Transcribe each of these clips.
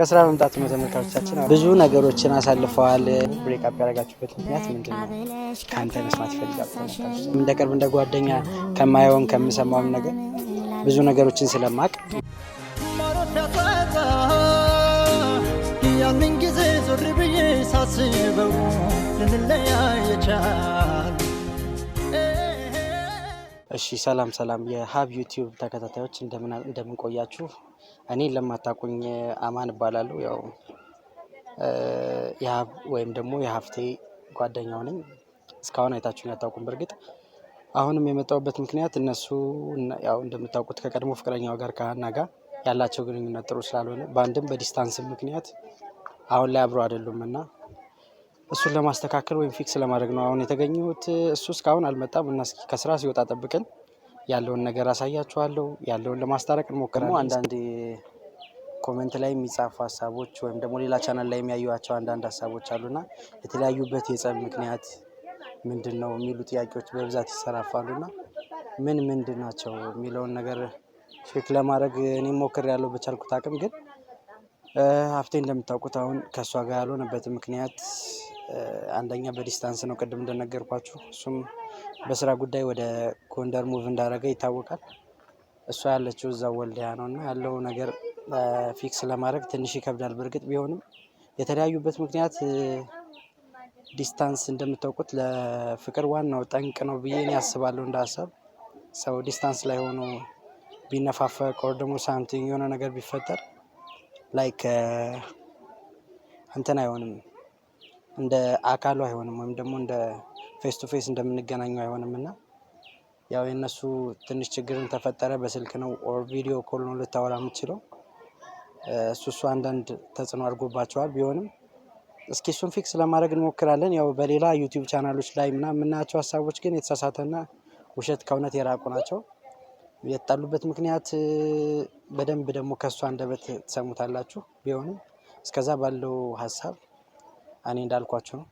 ከስራ መምጣት ነው። ተመልካቾቻችን ብዙ ነገሮችን አሳልፈዋል። ብሬክአፕ ያደረጋችሁበት ምክንያት ምንድን ነው? ከአንተ መስማት ይፈልጋል። እንደ ቅርብ እንደ ጓደኛ ከማየውም ከምሰማውም ነገር ብዙ ነገሮችን ስለማቅ ያንን ጊዜ ዞር ብዬ ሳስበው ልንለያየቻል እሺ ሰላም ሰላም፣ የሀብ ዩቲዩብ ተከታታዮች እንደምን ቆያችሁ? እኔን ለማታውቁኝ አማን እባላለሁ። ያው የሀብ ወይም ደግሞ የሀፍቴ ጓደኛው ነኝ። እስካሁን አይታችሁን አታውቁም። በእርግጥ አሁንም የመጣሁበት ምክንያት እነሱ ያው እንደምታውቁት ከቀድሞ ፍቅረኛው ጋር ከሀና ጋር ያላቸው ግንኙነት ጥሩ ስላልሆነ በአንድም በዲስታንስ ምክንያት አሁን ላይ አብሮ አይደሉም እና እሱን ለማስተካከል ወይም ፊክስ ለማድረግ ነው አሁን የተገኘሁት። እሱ እስካሁን አልመጣም እና እስኪ ከስራ ሲወጣ ጠብቅን ያለውን ነገር አሳያችኋለሁ። ያለውን ለማስታረቅ እንሞክራለን። አንዳንድ ኮመንት ላይ የሚጻፉ ሀሳቦች ወይም ደግሞ ሌላ ቻናል ላይ የሚያዩቸው አንዳንድ ሀሳቦች አሉና የተለያዩበት የጸብ ምክንያት ምንድን ነው የሚሉ ጥያቄዎች በብዛት ይሰራፋሉና ምን ምንድን ናቸው የሚለውን ነገር ቼክ ለማድረግ እኔ ሞክር ያለው በቻልኩት አቅም ግን ሀፍቴ እንደምታውቁት አሁን ከእሷ ጋር ያልሆነበት ምክንያት አንደኛ በዲስታንስ ነው፣ ቅድም እንደነገርኳችሁ እሱም በስራ ጉዳይ ወደ ጎንደር ሙቭ እንዳደረገ ይታወቃል። እሷ ያለችው እዛ ወልዲያ ነው እና ያለው ነገር ፊክስ ለማድረግ ትንሽ ይከብዳል። በእርግጥ ቢሆንም የተለያዩበት ምክንያት ዲስታንስ እንደምታውቁት ለፍቅር ዋናው ጠንቅ ነው ብዬ እኔ አስባለሁ። እንደ ሀሳብ ሰው ዲስታንስ ላይ ሆኖ ቢነፋፈቅ ወር ደግሞ ሳምቲንግ የሆነ ነገር ቢፈጠር ላይክ እንትን አይሆንም፣ እንደ አካሉ አይሆንም ወይም ደግሞ እንደ ፌስ ቱ ፌስ እንደምንገናኘው አይሆንም እና ያው የእነሱ ትንሽ ችግርን ተፈጠረ። በስልክ ነው ኦር ቪዲዮ ኮል ነው ልታወራ የምችለው እሱ እሱ አንዳንድ ተጽዕኖ አድርጎባቸዋል። ቢሆንም እስኪ እሱን ፊክስ ለማድረግ እንሞክራለን። ያው በሌላ ዩቲዩብ ቻናሎች ላይ ምና የምናያቸው ሀሳቦች ግን የተሳሳተና ውሸት ከእውነት የራቁ ናቸው። የተጣሉበት ምክንያት በደንብ ደግሞ ከእሱ አንደበት ትሰሙታላችሁ። ቢሆንም እስከዛ ባለው ሀሳብ እኔ እንዳልኳቸው ነው።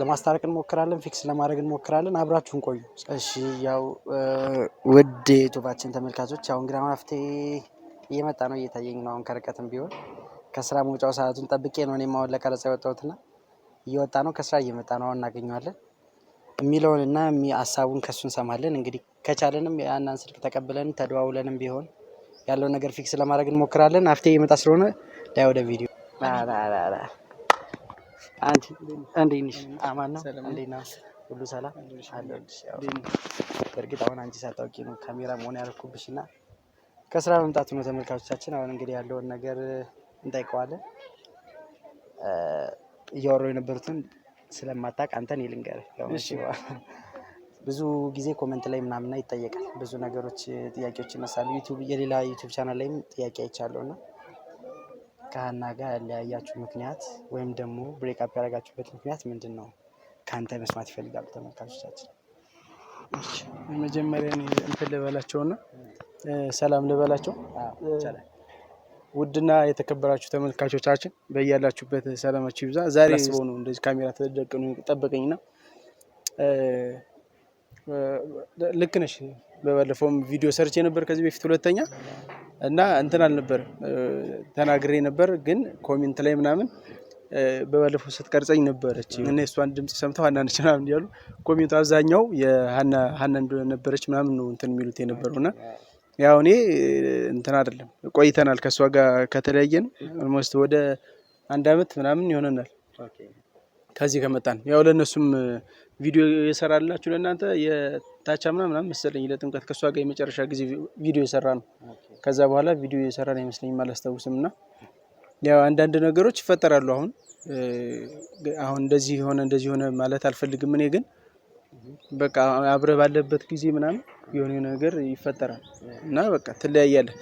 ለማስታረቅ እንሞክራለን፣ ፊክስ ለማድረግ እንሞክራለን። አብራችሁን ቆዩ። እሺ፣ ያው ውድ ዩቱባችን ተመልካቾች፣ ያው እንግዳ አፍቴ እየመጣ ነው እየታየኝ ነው። አሁን ከርቀትም ቢሆን ከስራ መውጫው ሰዓቱን ጠብቄ ነው እኔም አሁን ለቀረጻ የወጣሁትና እየወጣ ነው፣ ከስራ እየመጣ ነው። አሁን እናገኘዋለን የሚለውንና ሀሳቡን ከሱ እንሰማለን። እንግዲህ ከቻለንም ያናን ስልክ ተቀብለን ተደዋውለንም ቢሆን ያለውን ነገር ፊክስ ለማድረግ እንሞክራለን። አፍቴ እየመጣ ስለሆነ ላይ ወደ ቪዲዮ አንቺ እንዴት ነሽ? አማን ነው። እንዴት ሁሉ ሰላም በእርግጥ አሁን አንቺ ሳታውቂ ነው ካሜራ መሆን ያልኩብሽ እና ከስራ መምጣቱ ነው። ተመልካቾቻችን አሁን እንግዲህ ያለውን ነገር እንጠይቀዋለን። እያወራሁ የነበሩትን ስለማታውቅ አንተን ይልንገር ብዙ ጊዜ ኮመንት ላይ ምናምና ይጠየቃል። ብዙ ነገሮች ጥያቄዎች ይነሳሉ። የሌላ ዩቱብ ቻናል ላይም ጥያቄ አይቻለሁ እና ከሀና ጋር ያለያያችሁ ምክንያት ወይም ደግሞ ብሬክ አፕ ያደረጋችሁበት ምክንያት ምንድን ነው? ከአንተ መስማት ይፈልጋሉ ተመልካቾቻችን። መጀመሪያ እንትን ልበላቸውና ሰላም ልበላቸው። ውድና የተከበራችሁ ተመልካቾቻችን በያላችሁበት ሰላማችሁ ይብዛ። ዛሬ ስበው ነው እንደዚህ ካሜራ ተደቅኑ ጠበቀኝና ልክ ነሽ። በባለፈውም ቪዲዮ ሰርቼ ነበር ከዚህ በፊት ሁለተኛ እና እንትን አልነበር ተናግሬ ነበር፣ ግን ኮሜንት ላይ ምናምን በባለፈው ስትቀርጸኝ ነበረች እና የእሷን ድምፅ ሰምተው ነች ምናምን እያሉ ኮሜንቱ አብዛኛው ሀና እንደነበረች ምናምን ነው እንትን የሚሉት የነበረው እና ያው እኔ እንትን አይደለም ቆይተናል ከእሷ ጋር ከተለያየን ኦልሞስት ወደ አንድ አመት ምናምን ይሆነናል። ከዚህ ከመጣን ያው ለእነሱም ቪዲዮ የሰራላችሁ ለእናንተ የታቻ ምናምን መሰለኝ ለጥምቀት ከእሷ ጋር የመጨረሻ ጊዜ ቪዲዮ የሰራ ነው። ከዛ በኋላ ቪዲዮ የሰራን ነው ይመስለኝ አላስታውስም። እና ያው አንዳንድ ነገሮች ይፈጠራሉ። አሁን አሁን እንደዚህ የሆነ እንደዚህ የሆነ ማለት አልፈልግም እኔ ግን በቃ አብረ ባለበት ጊዜ ምናምን የሆነ ነገር ይፈጠራል እና በቃ ትለያያለህ።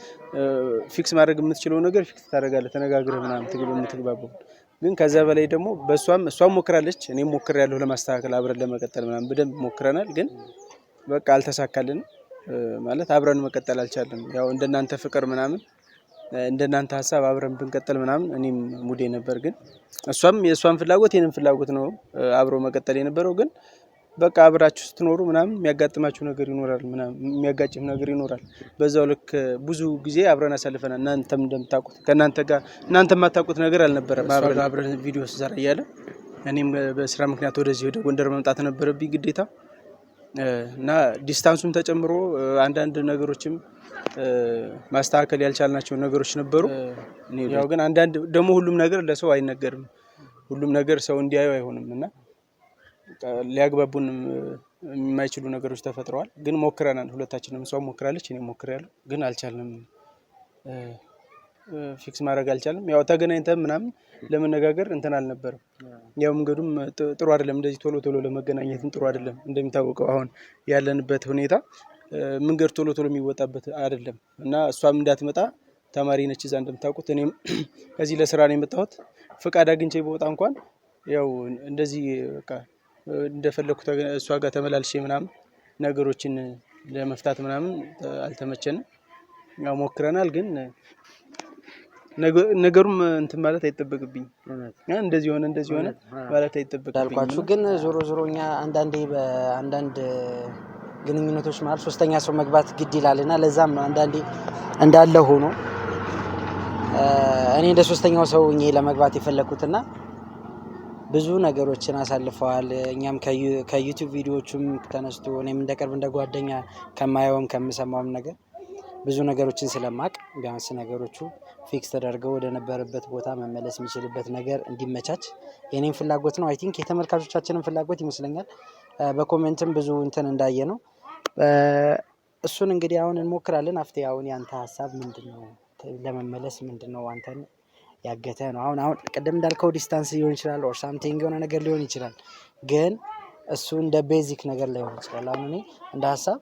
ፊክስ ማድረግ የምትችለው ነገር ፊክስ ታደርጋለህ። ተነጋግረህ ምናምን ትግሉ የምትግባበው ግን ከዛ በላይ ደግሞ በእሷም እሷም ሞክራለች፣ እኔም ያለሁ ለማስተካከል አብረን ለመቀጠል ምናምን በደንብ ሞክረናል። ግን በቃ አልተሳካልንም ማለት አብረን መቀጠል አልቻለም። ያው እንደናንተ ፍቅር ምናምን እንደናንተ ሀሳብ አብረን ብንቀጠል ምናምን እኔም ሙዴ ነበር። ግን እሷም የእሷን ፍላጎት የኔም ፍላጎት ነው አብሮ መቀጠል የነበረው ግን በቃ አብራችሁ ስትኖሩ ምናምን የሚያጋጥማችሁ ነገር ይኖራል፣ የሚያጋጭም ነገር ይኖራል። በዛው ልክ ብዙ ጊዜ አብረን አሳልፈናል። እናንተም እንደምታውቁት ከእናንተ ጋር እናንተ የማታውቁት ነገር አልነበረም። አብረን ቪዲዮ ስሰራ እያለ እኔም በስራ ምክንያት ወደዚህ ወደ ጎንደር መምጣት ነበረብኝ ግዴታ እና ዲስታንሱም ተጨምሮ አንዳንድ ነገሮችም ማስተካከል ያልቻልናቸው ነገሮች ነበሩ። ያው ግን አንዳንድ ደግሞ ሁሉም ነገር ለሰው አይነገርም። ሁሉም ነገር ሰው እንዲያዩ አይሆንም እና ሊያግባቡን የማይችሉ ነገሮች ተፈጥረዋል። ግን ሞክረናል። ሁለታችንም ሰው ሞክራለች፣ እኔ ሞክሬያለሁ። ግን አልቻልንም፣ ፊክስ ማድረግ አልቻልንም። ያው ተገናኝተን ምናምን ለመነጋገር እንትን አልነበረም። ያው መንገዱም ጥሩ አይደለም፣ እንደዚህ ቶሎ ቶሎ ለመገናኘትም ጥሩ አይደለም። እንደሚታወቀው አሁን ያለንበት ሁኔታ መንገድ ቶሎ ቶሎ የሚወጣበት አይደለም እና እሷም እንዳትመጣ ተማሪ ነች እዛ እንደምታውቁት። እኔም ከዚህ ለስራ ነው የመጣሁት። ፍቃድ አግኝቼ በወጣ እንኳን ያው እንደዚህ በቃ እንደፈለኩት እሷ ጋር ተመላልሼ ምናምን ነገሮችን ለመፍታት ምናምን አልተመቸንም። ያው ሞክረናል፣ ግን ነገሩም እንትን ማለት አይጠበቅብኝ እንደዚህ ሆነ እንደዚህ ሆነ ማለት አይጠበቅብኝ አልኳችሁ። ግን ዞሮ ዞሮ እኛ አንዳንዴ በአንዳንድ ግንኙነቶች መሀል ሶስተኛ ሰው መግባት ግድ ይላል እና ለዛም ነው አንዳንዴ እንዳለ ሆኖ እኔ እንደ ሶስተኛው ሰው ለመግባት የፈለግኩትና ብዙ ነገሮችን አሳልፈዋል። እኛም ከዩቱብ ቪዲዮዎቹም ተነስቶ እኔም እንደ ቅርብ እንደ ጓደኛ ከማየውም ከምሰማውም ነገር ብዙ ነገሮችን ስለማቅ ቢያንስ ነገሮቹ ፊክስ ተደርገው ወደነበረበት ቦታ መመለስ የሚችልበት ነገር እንዲመቻች የኔም ፍላጎት ነው። አይ ቲንክ የተመልካቾቻችንም ፍላጎት ይመስለኛል። በኮሜንትም ብዙ እንትን እንዳየ ነው። እሱን እንግዲህ አሁን እንሞክራለን። አፍቴ አሁን ያንተ ሀሳብ ምንድን ነው? ለመመለስ ምንድን ነው አንተን ያገተ ነው። አሁን አሁን ቅድም እንዳልከው ዲስታንስ ሊሆን ይችላል ኦር ሳምቲንግ የሆነ ነገር ሊሆን ይችላል፣ ግን እሱ እንደ ቤዚክ ነገር ላይሆን ይችላል። አሁን እኔ እንደ ሀሳብ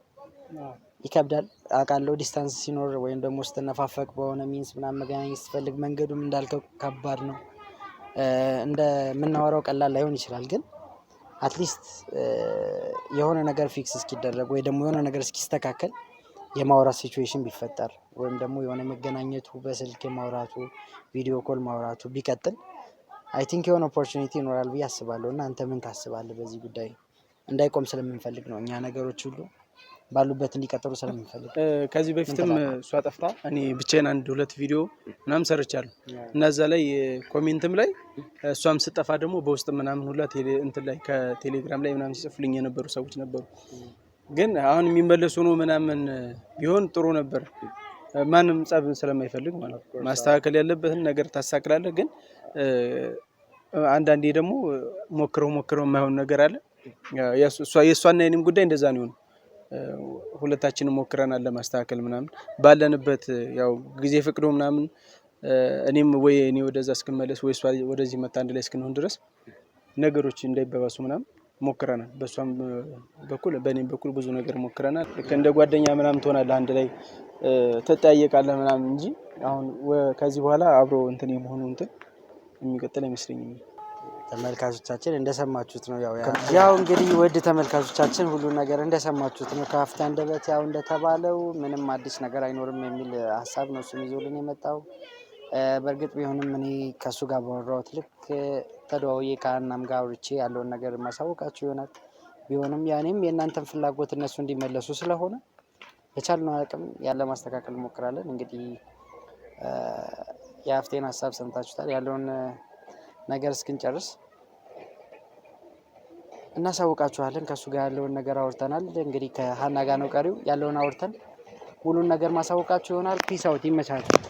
ይከብዳል አውቃለሁ። ዲስታንስ ሲኖር ወይም ደግሞ ስትነፋፈቅ በሆነ ሚንስ ምናምን መገናኘት ስትፈልግ መንገዱም እንዳልከው ከባድ ነው። እንደምናወራው ቀላል ላይሆን ይችላል፣ ግን አትሊስት የሆነ ነገር ፊክስ እስኪደረግ ወይ ደግሞ የሆነ ነገር እስኪስተካከል የማውራት ሲቹዌሽን ቢፈጠር ወይም ደግሞ የሆነ መገናኘቱ በስልክ የማውራቱ ቪዲዮ ኮል ማውራቱ ቢቀጥል አይ ቲንክ የሆነ ኦፖርቹኒቲ ይኖራል ብዬ አስባለሁ። እና አንተ ምን ታስባለህ በዚህ ጉዳይ? እንዳይቆም ስለምንፈልግ ነው እኛ ነገሮች ሁሉ ባሉበት እንዲቀጥሉ ስለምንፈልግ። ከዚህ በፊትም እሷ ጠፍታ እኔ ብቻዬን አንድ ሁለት ቪዲዮ ምናምን ሰርቻለሁ እና እዛ ላይ ኮሜንትም ላይ እሷም ስጠፋ ደግሞ በውስጥ ምናምን ሁላ እንትን ላይ ከቴሌግራም ላይ ምናምን ሲጽፉልኝ የነበሩ ሰዎች ነበሩ ግን አሁን የሚመለሱ ነው ምናምን ቢሆን ጥሩ ነበር። ማንም ጸብን ስለማይፈልግ ማለት ነው። ማስተካከል ያለበትን ነገር ታሳክላለህ። ግን አንዳንዴ ደግሞ ሞክረው ሞክረው የማይሆን ነገር አለ። የእሷና የኔም ጉዳይ እንደዛ ነው ሁለታችንም ሞክረናል ለማስተካከል ምናምን ባለንበት ያው ጊዜ ፍቅዶ ምናምን እኔም ወይ እኔ ወደዛ እስክመለስ ወይ እሷ ወደዚህ መታ አንድ ላይ እስክንሆን ድረስ ነገሮች እንዳይበባሱ ምናምን ሞክረናል። በእሷም በኩል በእኔም በኩል ብዙ ነገር ሞክረናል። ልክ እንደ ጓደኛ ምናምን ትሆናለህ፣ አንድ ላይ ትጠያየቃለህ ምናምን እንጂ አሁን ከዚህ በኋላ አብሮ እንትን የመሆኑ እንትን የሚቀጥል አይመስለኝም። ተመልካቾቻችን እንደሰማችሁት ነው። ያው ያው እንግዲህ ውድ ተመልካቾቻችን ሁሉ ነገር እንደሰማችሁት ነው። ከሀፍታ አንደበት ያው እንደተባለው ምንም አዲስ ነገር አይኖርም የሚል ሀሳብ ነው እሱም ይዞልን የመጣው በእርግጥ ቢሆንም እኔ ከእሱ ጋር ባወራሁት ልክ ተደዋውዬ ከሀናም ጋር አውርቼ ያለውን ነገር ማሳወቃችሁ ይሆናል። ቢሆንም ያኔም የእናንተን ፍላጎት እነሱ እንዲመለሱ ስለሆነ የቻልነው አቅም ያለ ማስተካከል እንሞክራለን። እንግዲህ የሀፍቴን ሀሳብ ሰምታችሁታል። ያለውን ነገር እስክንጨርስ እናሳውቃችኋለን። ከእሱ ጋር ያለውን ነገር አውርተናል። እንግዲህ ከሀና ጋር ነው ቀሪው ያለውን አውርተን ሙሉን ነገር ማሳወቃችሁ ይሆናል። ፒስ አውት ይመቻችሁ።